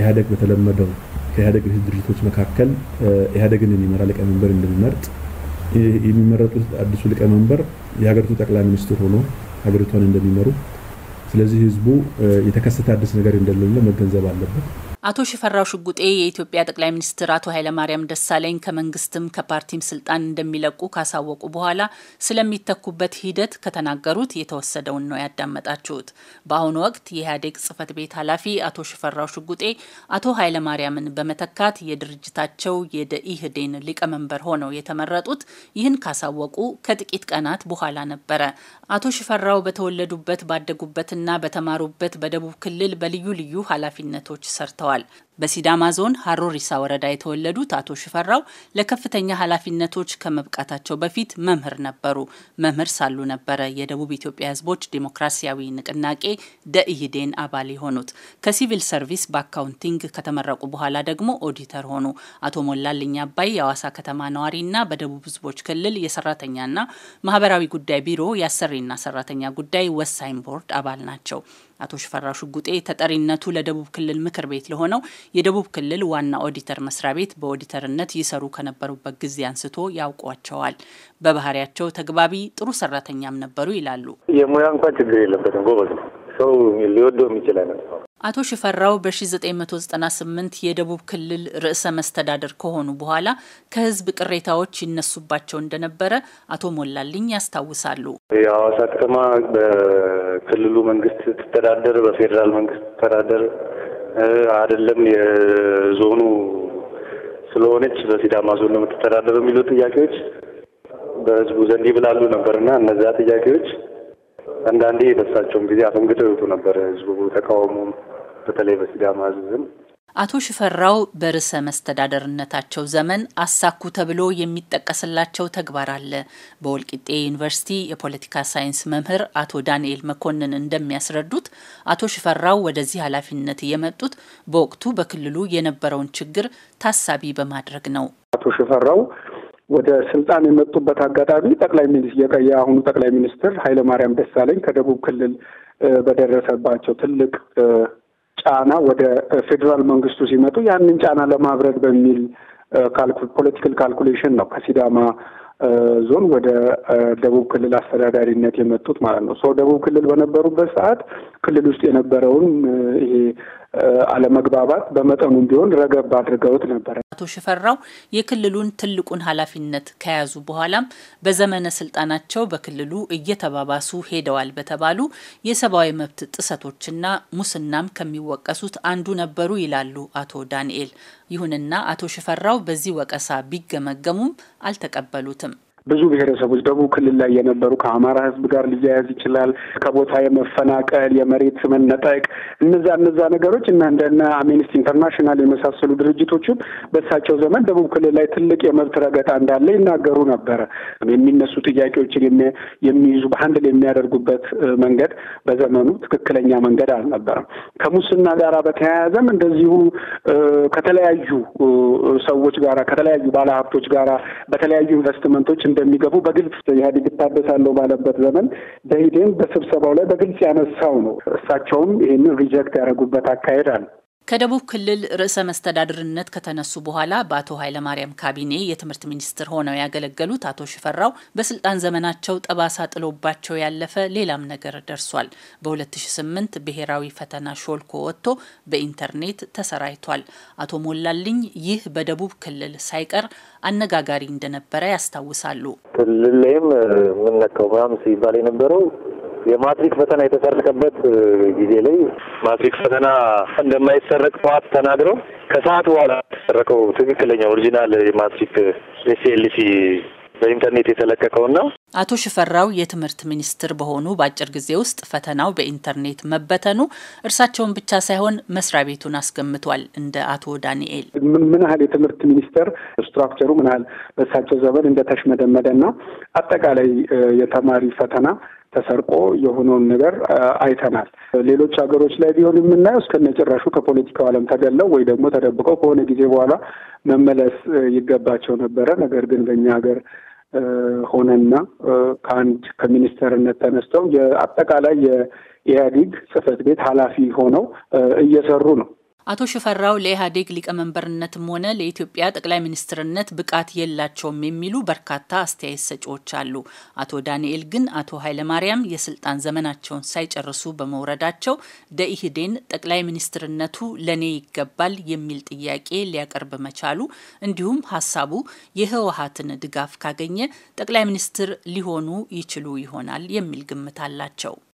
ኢህአደግ በተለመደው ከኢህአደግ ድርጅቶች መካከል ኢህአደግን የሚመራ ሊቀመንበር እንድንመርጥ የሚመረጡት አዲሱ ሊቀመንበር የሀገሪቱ ጠቅላይ ሚኒስትር ሆኖ ሀገሪቷን እንደሚመሩ ስለዚህ ህዝቡ የተከሰተ አዲስ ነገር እንደሌለ መገንዘብ አለበት። አቶ ሽፈራው ሽጉጤ የኢትዮጵያ ጠቅላይ ሚኒስትር አቶ ኃይለማርያም ደሳለኝ ከመንግስትም ከፓርቲም ስልጣን እንደሚለቁ ካሳወቁ በኋላ ስለሚተኩበት ሂደት ከተናገሩት የተወሰደውን ነው ያዳመጣችሁት። በአሁኑ ወቅት የኢህአዴግ ጽህፈት ቤት ኃላፊ አቶ ሽፈራው ሽጉጤ አቶ ኃይለማርያምን በመተካት የድርጅታቸው የደኢህዴን ሊቀመንበር ሆነው የተመረጡት ይህን ካሳወቁ ከጥቂት ቀናት በኋላ ነበረ። አቶ ሽፈራው በተወለዱበት ባደጉበትና በተማሩበት በደቡብ ክልል በልዩ ልዩ ኃላፊነቶች ሰርተዋል። global. በሲዳማ ዞን ሀሮሪሳ ወረዳ የተወለዱት አቶ ሽፈራው ለከፍተኛ ኃላፊነቶች ከመብቃታቸው በፊት መምህር ነበሩ። መምህር ሳሉ ነበረ የደቡብ ኢትዮጵያ ሕዝቦች ዲሞክራሲያዊ ንቅናቄ ደኢህዴን አባል የሆኑት። ከሲቪል ሰርቪስ በአካውንቲንግ ከተመረቁ በኋላ ደግሞ ኦዲተር ሆኑ። አቶ ሞላልኝ አባይ የአዋሳ ከተማ ነዋሪና በደቡብ ሕዝቦች ክልል የሰራተኛና ማህበራዊ ጉዳይ ቢሮ የአሰሪና ሰራተኛ ጉዳይ ወሳኝ ቦርድ አባል ናቸው። አቶ ሽፈራው ሽጉጤ ተጠሪነቱ ለደቡብ ክልል ምክር ቤት ለሆነው የደቡብ ክልል ዋና ኦዲተር መስሪያ ቤት በኦዲተርነት ይሰሩ ከነበሩበት ጊዜ አንስቶ ያውቋቸዋል። በባህሪያቸው ተግባቢ፣ ጥሩ ሰራተኛም ነበሩ ይላሉ። የሙያ እንኳን ችግር የለበትም፣ ጎበዝ ነው። ሰው ሊወደው የሚችል አይነት ነው። አቶ ሽፈራው በ1998 የደቡብ ክልል ርዕሰ መስተዳደር ከሆኑ በኋላ ከህዝብ ቅሬታዎች ይነሱባቸው እንደነበረ አቶ ሞላልኝ ያስታውሳሉ። የሐዋሳ ከተማ በክልሉ መንግስት ትተዳደር፣ በፌዴራል መንግስት ትተዳደር አይደለም የዞኑ ስለሆነች በሲዳማ ዞን ነው የምትተዳደረው የሚሉ ጥያቄዎች በህዝቡ ዘንድ ይብላሉ ነበርና እነዚያ ጥያቄዎች አንዳንዴ በሳቸውም ጊዜ አፈንግጠው ይወጡ ነበር። ህዝቡ ተቃውሞም በተለይ በሲዳማ ህዝብም አቶ ሽፈራው በርዕሰ መስተዳደርነታቸው ዘመን አሳኩ ተብሎ የሚጠቀስላቸው ተግባር አለ። በወልቂጤ ዩኒቨርሲቲ የፖለቲካ ሳይንስ መምህር አቶ ዳንኤል መኮንን እንደሚያስረዱት አቶ ሽፈራው ወደዚህ ኃላፊነት የመጡት በወቅቱ በክልሉ የነበረውን ችግር ታሳቢ በማድረግ ነው። አቶ ሽፈራው ወደ ስልጣን የመጡበት አጋጣሚ ጠቅላይ ሚኒስትር የአሁኑ ጠቅላይ ሚኒስትር ኃይለማርያም ደሳለኝ ከደቡብ ክልል በደረሰባቸው ትልቅ ጫና ወደ ፌዴራል መንግስቱ ሲመጡ ያንን ጫና ለማብረድ በሚል ፖለቲካል ካልኩሌሽን ነው ከሲዳማ ዞን ወደ ደቡብ ክልል አስተዳዳሪነት የመጡት ማለት ነው። ሰው ደቡብ ክልል በነበሩበት ሰዓት ክልል ውስጥ የነበረውን ይሄ አለመግባባት በመጠኑም ቢሆን ረገብ አድርገውት ነበረ። አቶ ሽፈራው የክልሉን ትልቁን ኃላፊነት ከያዙ በኋላም በዘመነ ስልጣናቸው በክልሉ እየተባባሱ ሄደዋል በተባሉ የሰብአዊ መብት ጥሰቶችና ሙስናም ከሚወቀሱት አንዱ ነበሩ ይላሉ አቶ ዳንኤል። ይሁንና አቶ ሽፈራው በዚህ ወቀሳ ቢገመገሙም አልተቀበሉትም። ብዙ ብሔረሰቦች ደቡብ ክልል ላይ የነበሩ ከአማራ ህዝብ ጋር ሊያያዝ ይችላል። ከቦታ የመፈናቀል፣ የመሬት መነጠቅ፣ እነዛ እነዛ ነገሮች እና እንደነ አምነስቲ ኢንተርናሽናል የመሳሰሉ ድርጅቶችም በእሳቸው ዘመን ደቡብ ክልል ላይ ትልቅ የመብት ረገጣ እንዳለ ይናገሩ ነበረ። የሚነሱ ጥያቄዎችን የሚይዙ በሀንድል የሚያደርጉበት መንገድ በዘመኑ ትክክለኛ መንገድ አልነበረም። ከሙስና ጋር በተያያዘም እንደዚሁ ከተለያዩ ሰዎች ጋራ ከተለያዩ ባለሀብቶች ጋራ በተለያዩ ኢንቨስትመንቶች እንደሚገቡ በግልጽ ኢህአዴግ እታደሳለሁ ባለበት ዘመን ደኢህዴን በስብሰባው ላይ በግልጽ ያነሳው ነው። እሳቸውም ይህንን ሪጀክት ያደረጉበት አካሄድ አለ። ከደቡብ ክልል ርዕሰ መስተዳድርነት ከተነሱ በኋላ በአቶ ኃይለማርያም ካቢኔ የትምህርት ሚኒስትር ሆነው ያገለገሉት አቶ ሽፈራው በስልጣን ዘመናቸው ጠባሳ ጥሎባቸው ያለፈ ሌላም ነገር ደርሷል። በ2008 ብሔራዊ ፈተና ሾልኮ ወጥቶ በኢንተርኔት ተሰራይቷል። አቶ ሞላልኝ ይህ በደቡብ ክልል ሳይቀር አነጋጋሪ እንደነበረ ያስታውሳሉ። ክልል ላይም የምነካው ምናምን ሲባል የነበረው የማትሪክ ፈተና የተሰረቀበት ጊዜ ላይ ማትሪክ ፈተና እንደማይሰረቅ ጠዋት ተናግረው ከሰዓት በኋላ የተሰረቀው ትክክለኛ ኦሪጂናል የማትሪክ ኤስኤልሲ በኢንተርኔት የተለቀቀውና አቶ ሽፈራው የትምህርት ሚኒስትር በሆኑ በአጭር ጊዜ ውስጥ ፈተናው በኢንተርኔት መበተኑ እርሳቸውን ብቻ ሳይሆን መስሪያ ቤቱን አስገምቷል። እንደ አቶ ዳንኤል ምን ያህል የትምህርት ሚኒስቴር ስትራክቸሩ ምን ያህል በእሳቸው ዘመን እንደተሽመደመደና አጠቃላይ የተማሪ ፈተና ተሰርቆ የሆነውን ነገር አይተናል። ሌሎች ሀገሮች ላይ ቢሆን የምናየው እስከነጭራሹ ከፖለቲካው ዓለም ተገለው ወይ ደግሞ ተደብቀው ከሆነ ጊዜ በኋላ መመለስ ይገባቸው ነበረ። ነገር ግን በእኛ ሀገር ሆነና ከአንድ ከሚኒስተርነት ተነስተው የአጠቃላይ የኢህአዲግ ጽህፈት ቤት ኃላፊ ሆነው እየሰሩ ነው። አቶ ሽፈራው ለኢህአዴግ ሊቀመንበርነትም ሆነ ለኢትዮጵያ ጠቅላይ ሚኒስትርነት ብቃት የላቸውም የሚሉ በርካታ አስተያየት ሰጪዎች አሉ። አቶ ዳንኤል ግን አቶ ኃይለማርያም የስልጣን ዘመናቸውን ሳይጨርሱ በመውረዳቸው ደኢህዴን ጠቅላይ ሚኒስትርነቱ ለእኔ ይገባል የሚል ጥያቄ ሊያቀርብ መቻሉ፣ እንዲሁም ሀሳቡ የህወሀትን ድጋፍ ካገኘ ጠቅላይ ሚኒስትር ሊሆኑ ይችሉ ይሆናል የሚል ግምት አላቸው።